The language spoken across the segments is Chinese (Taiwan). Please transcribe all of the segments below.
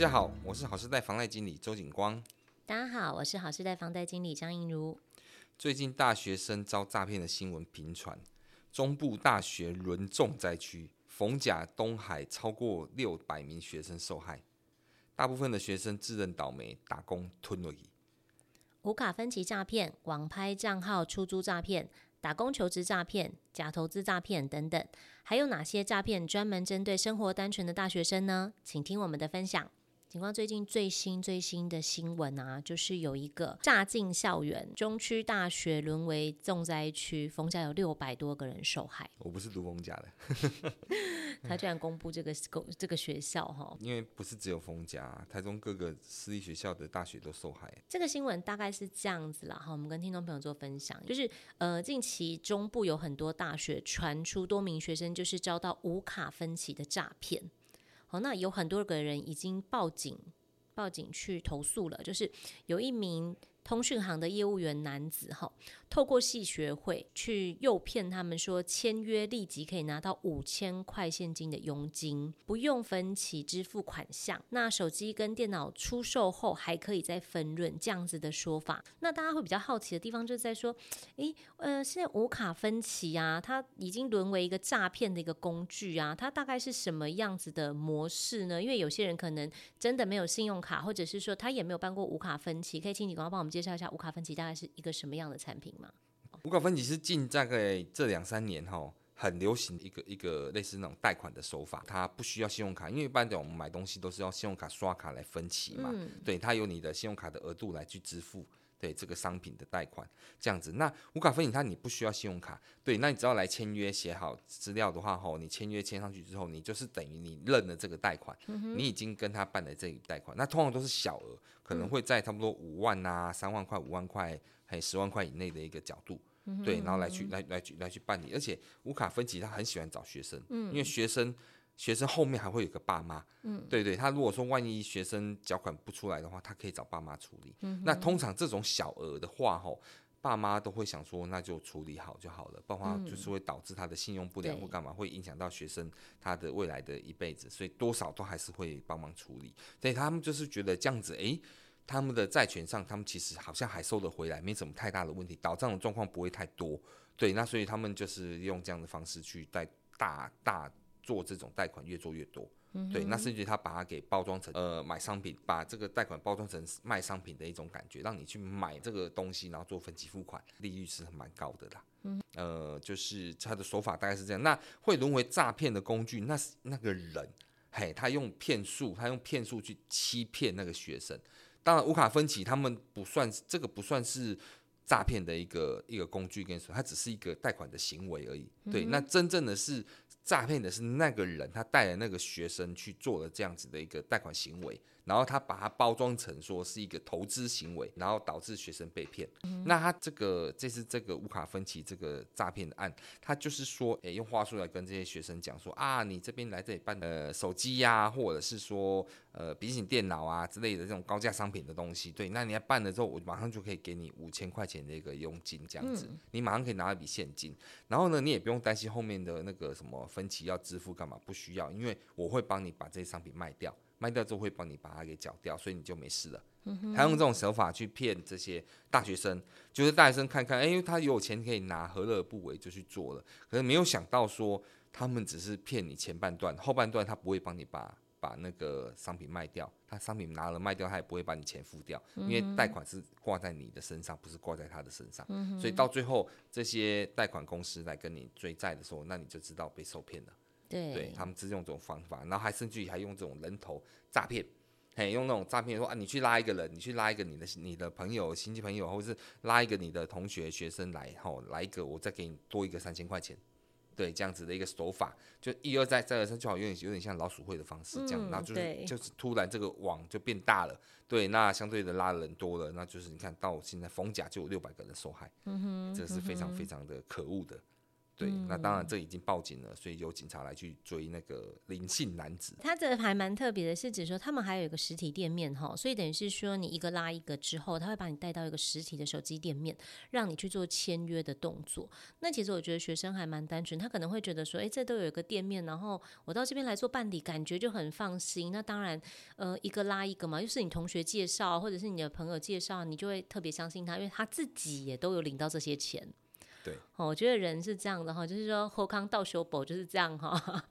大家好，我是好事貸房貸經理周景光。大家好，我是好事貸房貸經理張映如。最近大學生遭詐騙的新聞頻傳，中部大學淪重災區，逢甲、東海超過六百名學生受害。大部分的學生自認倒霉，打工吞而已。無卡分期詐騙、網拍賬號出租詐騙、打工求職詐騙、假投資詐騙等等，還有哪些詐騙專門針對生活單純的大學生呢？請聽我們的分享。警方最近最新最新的新聞啊，就是有一個詐進校園，中區大學淪為重災區，逢甲有六百多個人受害。我不是讀逢甲的。 他居然公布這個公這個學校哈，因為不是只有逢甲，台中各個私立學校的大學都受害。這個新聞大概是這樣子了哈，我們跟聽眾朋友做分享，就是呃近期中部有很多大學傳出多名學生就是遭到無卡分期的詐騙。好，那有很多個人已經報警，報警去投訴了，就是有一名。通訊行的業務員男子哈，透過系學會去誘騙他們說，簽約立即可以拿到五千塊現金的佣金，不用分期支付款項。那手機跟電腦出售後還可以再分潤，這樣子的說法。那大家會比較好奇的地方就是在說，哎、欸，呃，現在無卡分期啊，它已經淪為一個詐騙的一個工具啊，它大概是什麼樣子的模式呢？因為有些人可能真的沒有信用卡，或者是說他也沒有辦過無卡分期，可以請你趕快幫我們介紹一下無卡分期大概是一個什麼樣的產品嗎？無卡分期是近大概這兩三年哈，很流行一個一個類似那種貸款的手法，它不需要信用卡，因為一般的我們買東西都是要信用卡刷卡來分期嘛，嗯、對，它有你的信用卡的額度來去支付。對這個商品的貸款這樣子，那無卡分期，它，你不需要信用卡，對，那你只要來簽約寫好資料的話，吼，你簽約簽上去之後，你就是等於你認了這個貸款，你已經跟他辦了這個貸款，嗯、哼那通常都是小額，可能會在差不多五萬吶、啊、三萬塊、五萬塊、還十萬塊以內的一個角度，嗯、哼對，然後來去來來去來去辦理，而且無卡分期他很喜歡找學生，嗯、因為學生。學生後面還會有個爸媽，嗯，對對，他如果說萬一學生繳款不出來的話，他可以找爸媽處理。嗯哼，那通常這種小額的話，吼，爸媽都會想說，那就處理好就好了。爸媽就是會導致他的信用不良或幹嘛，嗯、會影響到學生他的未來的一輩子，對所以多少都還是會幫忙處理。所以他們就是覺得這樣子，哎、欸，他們的債權上，他們其實好像還收得回來，沒什麼太大的問題，倒賬的狀況不會太多。對，那所以他們就是用這樣的方式去帶大大。大做這種貸款越做越多，嗯、哼對，那甚至他把它給包裝成呃買商品，把這個貸款包裝成賣商品的一種感覺，讓你去買這個東西，然後做分期付款，利率是蠻高的啦。嗯哼，呃，就是他的手法大概是這樣，那會淪為詐騙的工具，那是那個人，嘿，他用騙術，他用騙術去欺騙那個學生。當然，無卡分期他們不算這個，不算是詐騙的一個一個工具跟什麼，它只是一個貸款的行為而已。嗯、哼對，那真正的是。詐騙的是那個人，他帶了那個學生去做了這樣子的一個貸款行為。然後他把它包裝成說是一個投資行為，然後導致學生被騙。嗯、那他這個這是這個無卡分期這個詐騙的案，他就是說，哎，用話術來跟這些學生講說啊，你這邊來這裡辦的、呃、手機呀，啊，或者是說呃筆記本電腦啊之類的這種高價商品的東西，對，那你要辦了之後，我馬上就可以給你五千塊錢的一個佣金，這樣子，嗯、你馬上可以拿一筆現金。然後呢，你也不用擔心後面的那個什麼分期要支付幹嘛，不需要，因為我會幫你把這些商品賣掉。賣掉之後，會幫你把它給繳掉，所以你就沒事了。他用這種手法去騙這些大學生，就是大學生看看，哎、欸，因為他有錢可以拿，何樂而不為？就去做了。可是沒有想到說，他們只是騙你前半段，後半段他不會幫你把把那個商品賣掉，他商品拿了賣掉，他也不會把你錢付掉，嗯、哼因為貸款是掛在你的身上，不是掛在他的身上。嗯、哼所以到最後，這些貸款公司來跟你追債的時候，那你就知道被受騙了。對，對，他們只用這種方法，然後還甚至於還用這種人頭詐騙，嘿，用那種詐騙說啊，你去拉一個人，你去拉一個你的你的朋友親戚朋友，或者是拉一個你的同學學生來，吼、哦，來一個我再給你多一個三千塊錢，對，這樣子的一個手法，就一而再再而三，就好像有點有點像老鼠會的方式這樣，嗯、那就是對就是突然這個網就變大了，對，那相對的拉人多了，那就是你看到現在逢甲就有六百個人受害，嗯哼，嗯哼這是非常非常的可惡的。對，那當然這已經報警了，所以由警察來去追那個林姓男子。嗯、他這還蠻特別的，是指說他們還有一個實體店面哈，所以等於是說你一個拉一個之後，他會把你帶到一個實體的手機店面，讓你去做簽約的動作。那其實我覺得學生還蠻單純，他可能會覺得說，誒、欸，這都有一個店面，然後我到這邊來做辦理，感覺就很放心。那當然，呃，一個拉一個嘛，又是你同學介紹或者是你的朋友介紹，你就會特別相信他，因為他自己也都有領到這些錢。對、哦，我覺得人是這樣的哈，就是說好康鬥相報就是這樣哈。呵呵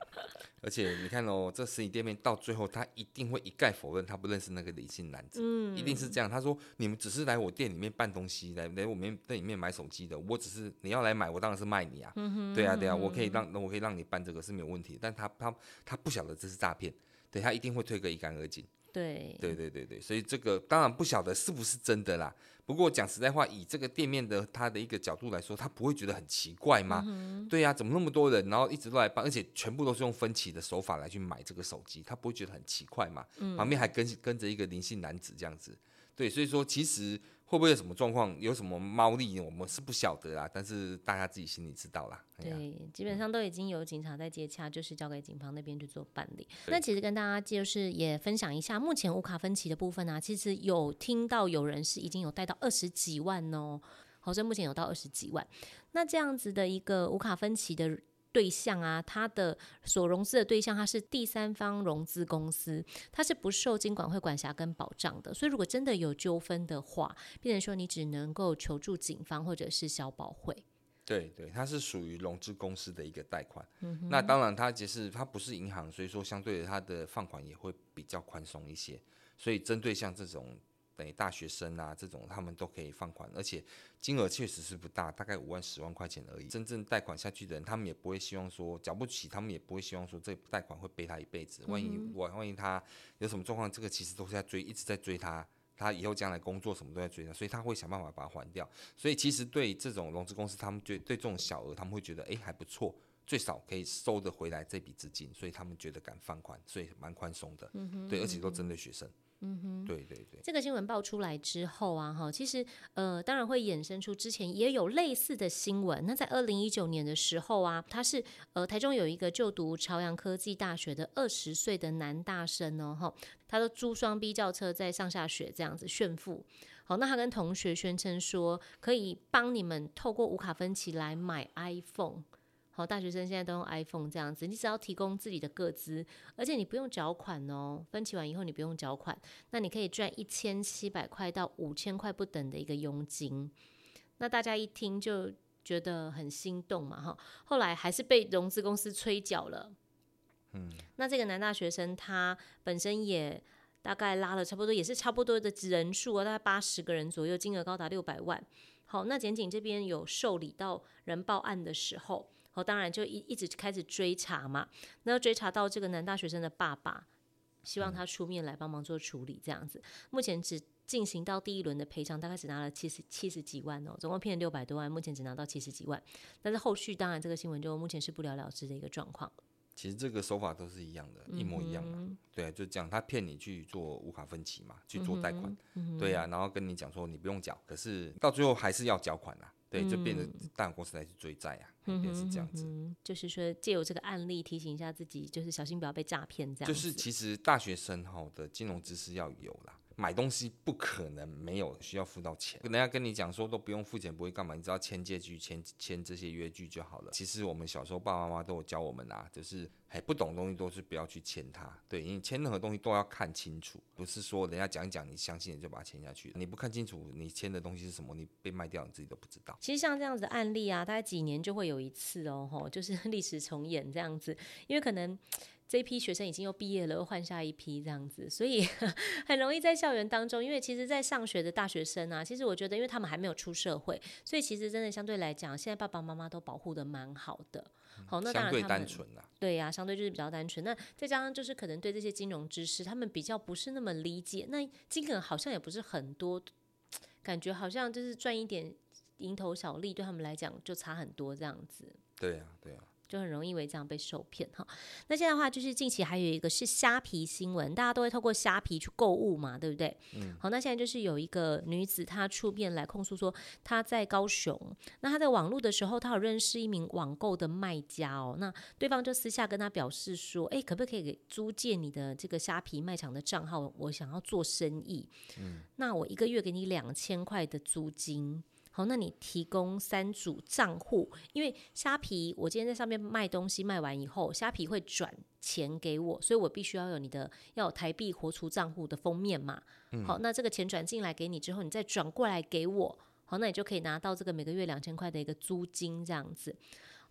而且你看哦，這實體店面到最後他一定會一概否認，他不認識那個李姓男子，嗯、一定是這樣。他說你們只是來我店裡面辦東西，來來我們店裡面買手機的，我只是你要來買，我當然是賣你啊，嗯、哼對,啊對啊，對啊、嗯、哼我可以讓，我可以讓你辦這個是沒有問題，但他他他不曉得這是詐騙，對他一定會推個一乾二淨。對，對對對對，所以這個當然不曉得是不是真的啦。不過講實在話，以這個店面的他的一個角度來說，他不會覺得很奇怪嗎？嗯、哼對呀、啊，怎麼那麼多人，然後一直都來幫，而且全部都是用分期的手法來去買這個手機，他不會覺得很奇怪嗎？嗯、旁邊還跟跟着一個林姓男子這樣子，對，所以說其實。會不會有什麼狀況，有什麼貓膩，我們是不曉得啦，但是大家自己心裡知道啦。對、啊對，基本上都已經有警察在接洽，嗯、就是交給警方那邊去做辦理。對那其實跟大家就是也分享一下，目前無卡分期的部分呢、啊，其實有聽到有人是已經有貸到二十幾萬哦，好像目前有到二十幾萬。那這樣子的一個無卡分期的對象啊，它的所融資的對象，它是第三方融資公司，它是不受金管會管轄跟保障的，所以如果真的有糾紛的話，變成說你只能夠求助警方或者是消保會。對對，它是屬於融資公司的一個貸款，嗯哼。那當然它只是，它不是銀行，所以說相對的它的放款也會比較寬鬆一些，所以針對像這種。等於大學生啊，這種他們都可以放款，而且金額確實是不大，大概五萬、十萬塊錢而已。真正貸款下去的人，他們也不會希望說繳不起，他們也不會希望說這貸款會背他一輩子。萬一我，嗯、哼萬一他有什麼狀況，這個其實都是在追，一直在追他，他以後將來工作什麼都在追他，所以他會想辦法把它還掉。所以其實對這種融資公司，他們就對這種小額，他們會覺得誒還不錯，最少可以收得回來這筆資金，所以他們覺得敢放款，所以蠻寬鬆的。嗯哼對，而且都針對學生。嗯嗯哼，對對對，這個新聞爆出來之後啊，哈，其實呃，當然會衍生出之前也有類似的新聞。那在二零一九年的時候啊，他是呃台中有一個就讀朝陽科技大學的二十歲的男大生哦，他都租雙 B 轎車在上下學，這樣子炫富。好，那他跟同學宣稱說，可以幫你們透過無卡分期來買 iPhone。好，大學生現在都用 iPhone 這樣子，你只要提供自己的個資，而且你不用繳款哦、喔，分期完以後你不用繳款，那你可以賺一千七百塊到五千塊不等的一個佣金，那大家一聽就覺得很心動嘛，哈，後來還是被融資公司催繳了，嗯，那這個男大學生他本身也大概拉了差不多也是差不多的人數啊、喔，大概八十個人左右，金額高達六百萬，好，那檢警這邊有受理到人報案的時候。當然就一一直開始追查嘛，那追查到這個男大學生的爸爸，希望他出面來幫忙做處理這樣子。嗯、目前只進行到第一輪的賠償，大概只拿了七十七十幾萬哦、喔，總共騙了六百多萬，目前只拿到七十幾萬。但是後續當然這個新聞就目前是不了了之的一個狀況。其實這個手法都是一樣的，一模一樣嘛。嗯、對、啊，就講他騙你去做無卡分期嘛，去做貸款，嗯嗯嗯對啊，然後跟你講說你不用繳，可是到最後還是要繳款啊。對，就變成大公司來去追債啊，嗯、變成是這樣子。嗯嗯、就是說，借由這個案例提醒一下自己，就是小心不要被詐騙這樣。就是其實大學生哈的金融知識要有啦。買東西不可能沒有需要付到錢，人家跟你講說都不用付錢，不會幹嘛，你只要簽借據，簽簽這些約據就好了。其實我們小時候爸爸媽媽都有教我們啊，就是還不懂東西都是不要去簽它，對，你簽任何東西都要看清楚，不是說人家講講你相信你就把它簽下去。你不看清楚你簽的東西是什麼，你被賣掉你自己都不知道。其實像這樣子的案例啊，大概幾年就會有一次哦，吼，就是歷史重演這樣子，因為可能。這批學生已經又畢業了，又換下一批這樣子，所以很容易在校園當中。因為其實，在上學的大學生啊，其實我覺得，因為他們還沒有出社會，所以其實真的相對來講，現在爸爸媽媽都保護得蠻好的。好、嗯哦，那當然他們對呀、啊啊，相對就是比較單純。那再加上就是可能對這些金融知識，他們比較不是那麼理解。那基本好像也不是很多，感覺好像就是賺一點蠅頭小利，對他們來講就差很多這樣子。對呀、啊，對呀、啊。就很容易為這樣被受騙哈。那現在的話，就是近期還有一個是蝦皮新聞，大家都會透過蝦皮去購物嘛，對不對？嗯。好，那現在就是有一個女子，她出面來控訴說，她在高雄，那她在網絡的時候，她有認識一名網購的賣家哦。那對方就私下跟她表示說，哎，可不可以給租借你的這個蝦皮賣場的賬號？我想要做生意。嗯。那我一個月給你兩千塊的租金。好，那你提供三組賬戶，因為蝦皮我今天在上面賣東西賣完以後，蝦皮會轉錢給我，所以我必須要有你的要有台幣活存賬戶的封面嘛。嗯、好，那這個錢轉進來給你之後，你再轉過來給我，好，那你就可以拿到這個每個月兩千塊的一個租金這樣子。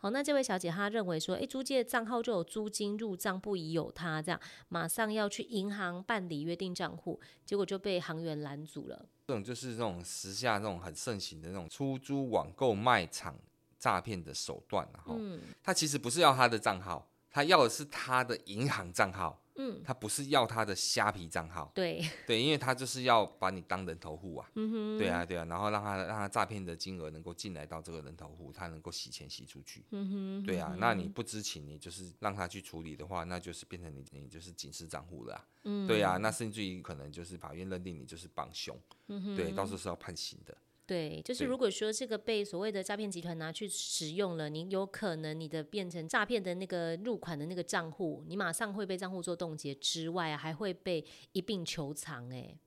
好，那這位小姐她認為說，哎，租借賬號就有租金入賬，不疑有他。這樣馬上要去銀行辦理約定賬戶，結果就被行員攔阻了。這種就是那種時下那種很盛行的那種出租網購賣場詐騙的手段，然後，他其實不是要他的賬號，他要的是他的銀行賬號。嗯，他不是要他的蝦皮賬號，對對，因為他就是要把你當人頭戶啊，嗯哼，對啊對啊，然後讓他讓他詐騙的金額能夠進來到這個人頭戶，他能夠洗錢洗出去，嗯哼，對啊，那你不知情，你就是讓他去處理的話，那就是變成你你就是警示賬戶了啊，嗯，對啊，那甚至於可能就是法院認定你就是幫兇，嗯哼，對，到時候是要判刑的。對，就是如果說這個被所謂的詐騙集團拿去使用了，你有可能你的變成詐騙的那個入款的那個賬戶，你馬上會被賬戶做凍結之外，還會被一併求償誒，對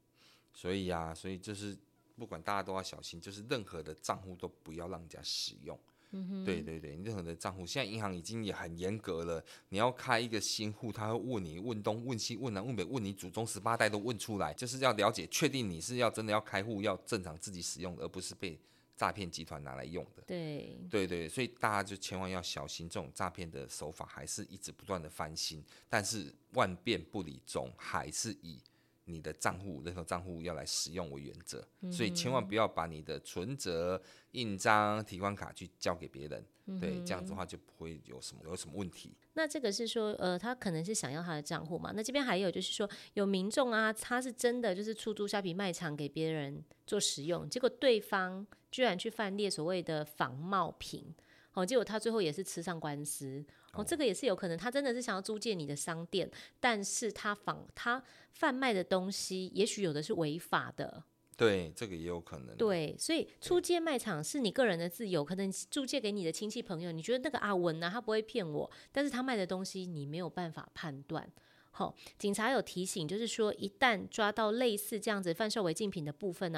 所以啊，所以就是不管大家都要小心，就是任何的賬戶都不要讓人家使用。嗯、對對對，任何的賬戶，現在銀行已經也很嚴格了。你要開一個新戶，他會問你問東問西問南問北，問你祖宗十八代都問出來，就是要了解確定你是要真的要開戶要正常自己使用，而不是被詐騙集團拿來用的。對，對對對，所以大家就千萬要小心這種詐騙的手法，還是一直不斷的翻新，但是萬變不離宗，還是以。你的賬戶、任何賬戶要來使用為原則，嗯、哼所以千萬不要把你的存折、印章、提款卡去交給別人。嗯、哼對，這樣子的話就不會有什麼有什麼問題。那這個是說，呃，他可能是想要他的賬戶嘛？那這邊還有就是說，有民眾啊，他是真的就是出租蝦皮賣場給別人做使用，結果對方居然去犯列所謂的仿冒品，好，結果他最後也是吃上官司。哦，這個也是有可能，他真的是想要租借你的商店，但是他仿他販賣的東西，也許有的是違法的。對，這個也有可能。對，所以出借賣場是你個人的自由，對可能租借給你的親戚朋友，你覺得那個阿文呢、啊，他不會騙我，但是他賣的東西你沒有辦法判斷。好、哦，警察有提醒，就是說一旦抓到類似這樣子販售違禁品的部分，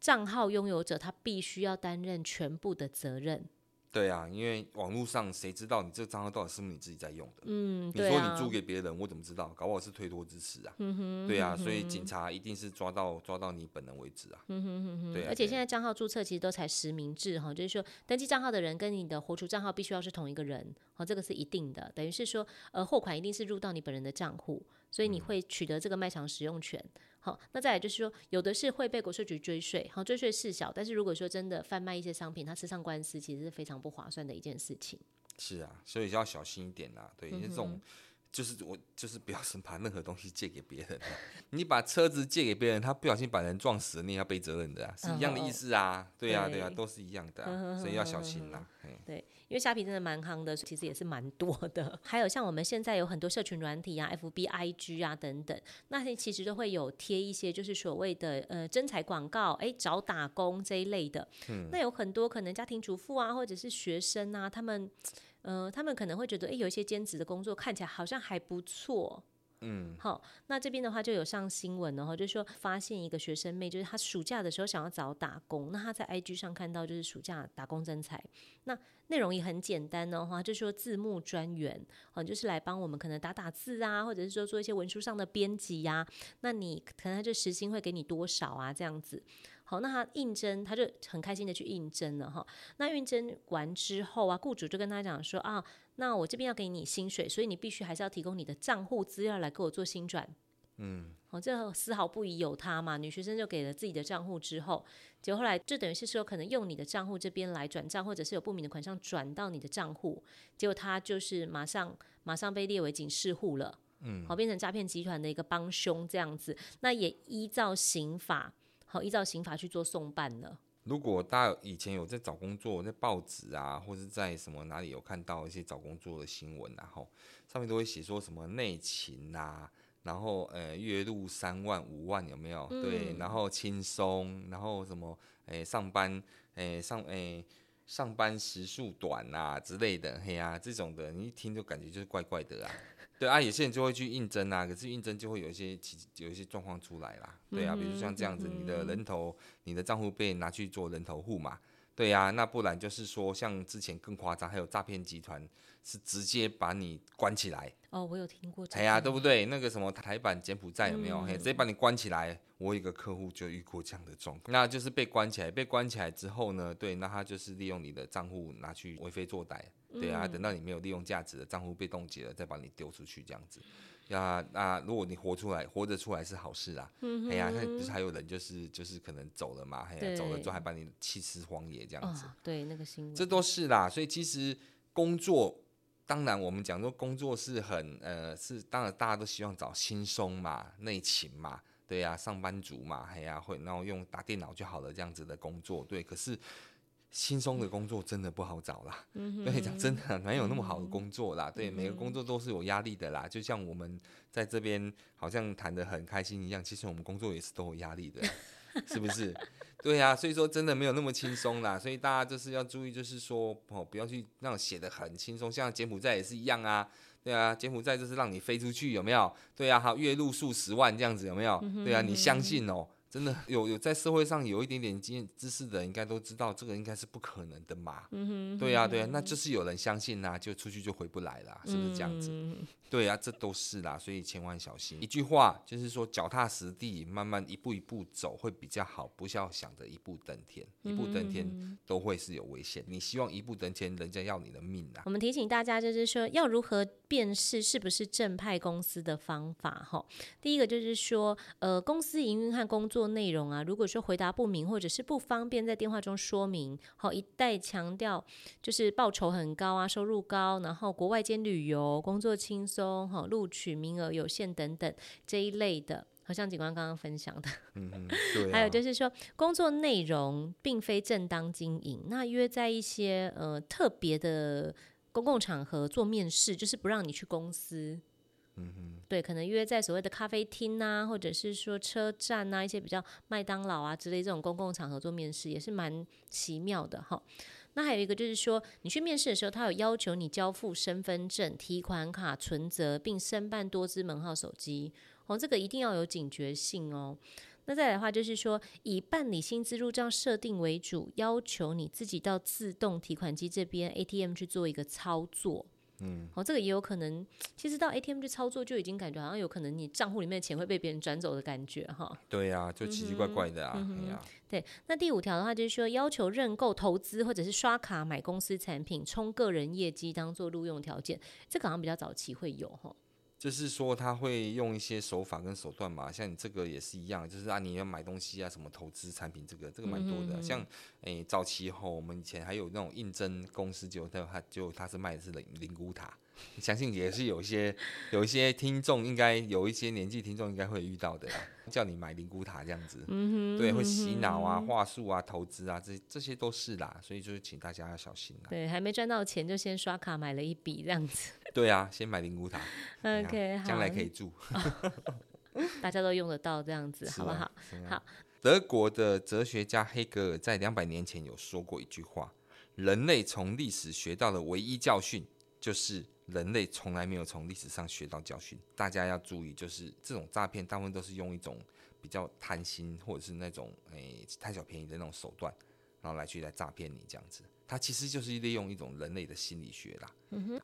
賬號擁有者他必須要擔任全部的責任。對啊，因為網絡上誰知道你這個賬號到底是不是你自己在用的？嗯，你說你租給別人，啊、我怎麼知道？搞不好是推脫之詞啊。嗯哼，對啊。嗯、哼所以警察一定是抓到抓到你本人為止啊。嗯哼嗯哼，嗯哼對、啊。而且現在賬號註冊其實都採實名制哈，就是說登記賬號的人跟你的活儲賬號必須要是同一個人，這個是一定的。等於是說，呃，貨款一定是入到你本人的賬戶，所以你會取得這個賣場使用權。嗯好，那再來就是說，有的是會被國稅局追稅，好，追稅事小，但是如果說真的販賣一些商品，他吃上官司，其實是非常不划算的一件事情。是啊，所以就要小心一點啦。對，因為、嗯哼，這種。就是我就是不要把任何東西借給別人、啊，你把車子借給別人，他不小心把人撞死，你也要背責任的啊，是一樣的意思啊，嗯、對啊對，對啊，都是一樣的、啊，嗯、所以要小心啦。嗯、對，對，因為蝦皮真的蠻夯的，其實也是蠻多的，還有像我們現在有很多社群軟體啊，FB、B, IG 啊等等，那些其實都會有貼一些就是所謂的呃徵才廣告，哎、欸，找打工這一類的，嗯、那有很多可能家庭主婦啊，或者是學生啊，他們。嗯、呃，他們可能會覺得，哎，有一些兼職的工作看起來好像還不錯。嗯，好，那這邊的話就有上新聞了、哦、哈，就是說，發現一個學生妹，就是她暑假的時候想要找打工，那她在 IG 上看到就是暑假打工徵才。那內容也很簡單的、哦、話，就說字幕專員，嗯，就是來幫我們可能打打字啊，或者是說做一些文書上的編輯呀、啊。那你可能他就時薪會給你多少啊？這樣子。好，那他應徵，他就很開心的去應徵了哈。那應徵完之後啊，僱主就跟他講說啊，那我這邊要給你薪水，所以你必須還是要提供你的賬戶資料來給我做薪轉。嗯，好，喔，這絲毫不疑有他嘛。女學生就給了自己的賬戶之後，結果後來就等於是說，可能用你的賬戶這邊來轉賬，或者是有不明的款項轉到你的賬戶，結果他就是馬上馬上被列為警示戶了。嗯，好，變成詐騙集團的一個幫兇這樣子，那也依照刑法。好，依照刑法去做送辦呢。如果大家以前有在找工作，在報紙啊，或者在什麼哪裡有看到一些找工作的新聞然、啊、吼，上面都會寫說什麼內勤吶、啊，然後呃，月入三萬、五萬有沒有？對，嗯、然後輕鬆，然後什麼？哎、呃，上班，哎、呃，上，哎、呃。上班時數短啊之類的，嘿呀、啊，這種的你一聽就感覺就是怪怪的啊。 對啊，有些人就會去應徵啊，可是應徵就會有一些有一些狀況出來啦。對啊，嗯、比如像這樣子，嗯、你的人頭，嗯、你的賬戶被拿去做人頭戶嘛。對呀、啊，那不然就是說，像之前更誇張，還有詐騙集團是直接把你關起來。哦，我有聽過。哎呀、啊，對不對？那個什麼台版柬埔寨有沒有？直接、嗯、把你關起來。我有一個客戶就遇過這樣的狀況，那就是被關起來。被關起來之後呢，對，那他就是利用你的賬戶拿去為非作歹。對啊，嗯、等到你沒有利用價值的賬戶被凍結了，再把你丟出去這樣子。呀，那、啊啊、如果你活出來，活着出來是好事啦。哎呀、嗯哼，那、啊、不是還有人就是就是可能走了嘛？哎呀對、啊，走了之後還把你棄屍荒野這樣子。哦、對，那個新聞這都是啦，所以其實工作，當然我們講說工作是很呃是，當然大家都希望找輕鬆嘛、內勤嘛，對呀、啊，上班族嘛，哎呀、啊，會然後用打電腦就好了這樣子的工作，對，可是。輕鬆的工作真的不好找啦，嗯哼嗯哼，對，講真的，沒有那麼好的工作啦。嗯、哼對，每個工作都是有壓力的啦。嗯、哼就像我們在這邊好像談得很開心一樣，其實我們工作也是都有壓力的， 是不是？對呀、啊，所以說真的沒有那麼輕鬆啦。所以大家就是要注意，就是說哦，不要去讓寫得很輕鬆。像柬埔寨也是一樣啊，對啊，柬埔寨就是讓你飛出去，有沒有？對啊，好月入數十萬這樣子，有沒有？對啊，你相信哦、喔。嗯真的有，有在社會上有一點點經驗知識的人，應該都知道這個應該是不可能的嘛。嗯哼。對呀、啊、對呀、啊，那就是有人相信啦、啊，就出去就回不來了，是不是這樣子？嗯對呀、啊，這都是啦，所以千萬小心。一句話就是說，腳踏實地，慢慢一步一步走會比較好，不需要想着一步登天。一步登天都會是有危險。你希望一步登天，人家要你的命啊。我們提醒大家，就是說要如何辨識是不是正派公司的方法哈。第一個就是說，呃，公司營運和工作。做內容啊，如果說回答不明或者是不方便在電話中說明，好，一再強調就是報酬很高啊，收入高，然後國外兼旅遊，工作輕鬆，哈，錄取名額有限等等這一類的，好像警官剛剛分享的，嗯，對啊、還有就是說，工作內容並非正當經營，那約在一些呃特別的公共場合做面試，就是不讓你去公司。嗯對，可能約在所謂的咖啡廳啊，或者是說車站啊，一些比較麥當勞啊之類這種公共場合做面試，也是蠻奇妙的哈。那還有一個就是說，你去面試的時候，他有要求你交付身份證、提款卡、存折，並申辦多支門號手機。哦，這個一定要有警覺性哦。那再來的話，就是說以辦理薪資入賬設定為主，要求你自己到自動提款機這邊 ATM 去做一個操作。嗯，哦，這個也有可能，其實到 ATM 去操作就已經感覺好像有可能你賬戶裡面的錢會被別人轉走的感覺哈。對呀、啊，就奇奇怪怪的啊。對，那第五條的話就是說要求認購投資或者是刷卡買公司產品，充個人業績當做錄用條件，這個好像比較早期會有哈。就是說他會用一些手法跟手段嘛，像你這個也是一樣，就是啊你要買東西啊什麼投資產品，這個這個蠻多的。嗯嗯像誒早期後我們以前還有那種應徵公司，就他就他，他是賣的是靈靈骨塔，相信也是有一些 有一些聽眾應該有一些年紀聽眾應該會遇到的，叫你買靈骨塔這樣子，嗯哼嗯哼對，會洗腦啊，話術啊，投資啊，這這些都是啦，所以就請大家要小心啦。對，還沒賺到錢就先刷卡買了一筆這樣子。對啊，先買寧古塔，OK，將來可以住，好 大家都用得到，這樣子，啊、好不好？啊、好。德國的哲學家黑格爾在兩百年前有說過一句話：人類從歷史學到的唯一教訓，就是人類從來沒有從歷史上學到教訓。大家要注意，就是這種詐騙大部分都是用一種比較貪心，或者是那種哎貪小便宜的那種手段，然後來去來詐騙你這樣子。它其實就是利用一種人類的心理學啦。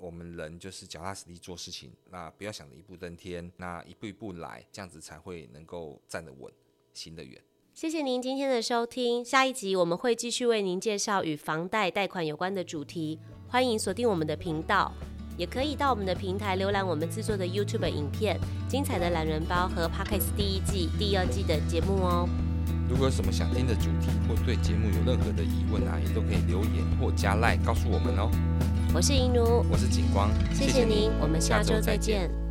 我們人就是腳踏實地做事情，那不要想着一步登天，那一步一步來，這樣子才會能夠站得穩，行得遠。謝謝您今天的收聽，下一集我們會繼續為您介紹與房貸貸款有關的主題。歡迎鎖定我們的頻道，也可以到我們的平台瀏覽我們制作的 YouTube 影片、精彩的懶人包和 Podcast 第一季、第二季的節目哦。如果有什麼想聽的主題，或對節目有任何的疑問啊，也都可以留言或加賴、like、告訴我們哦。我是銀奴，我是景光，謝謝您，謝謝您，我們下周再見。再見。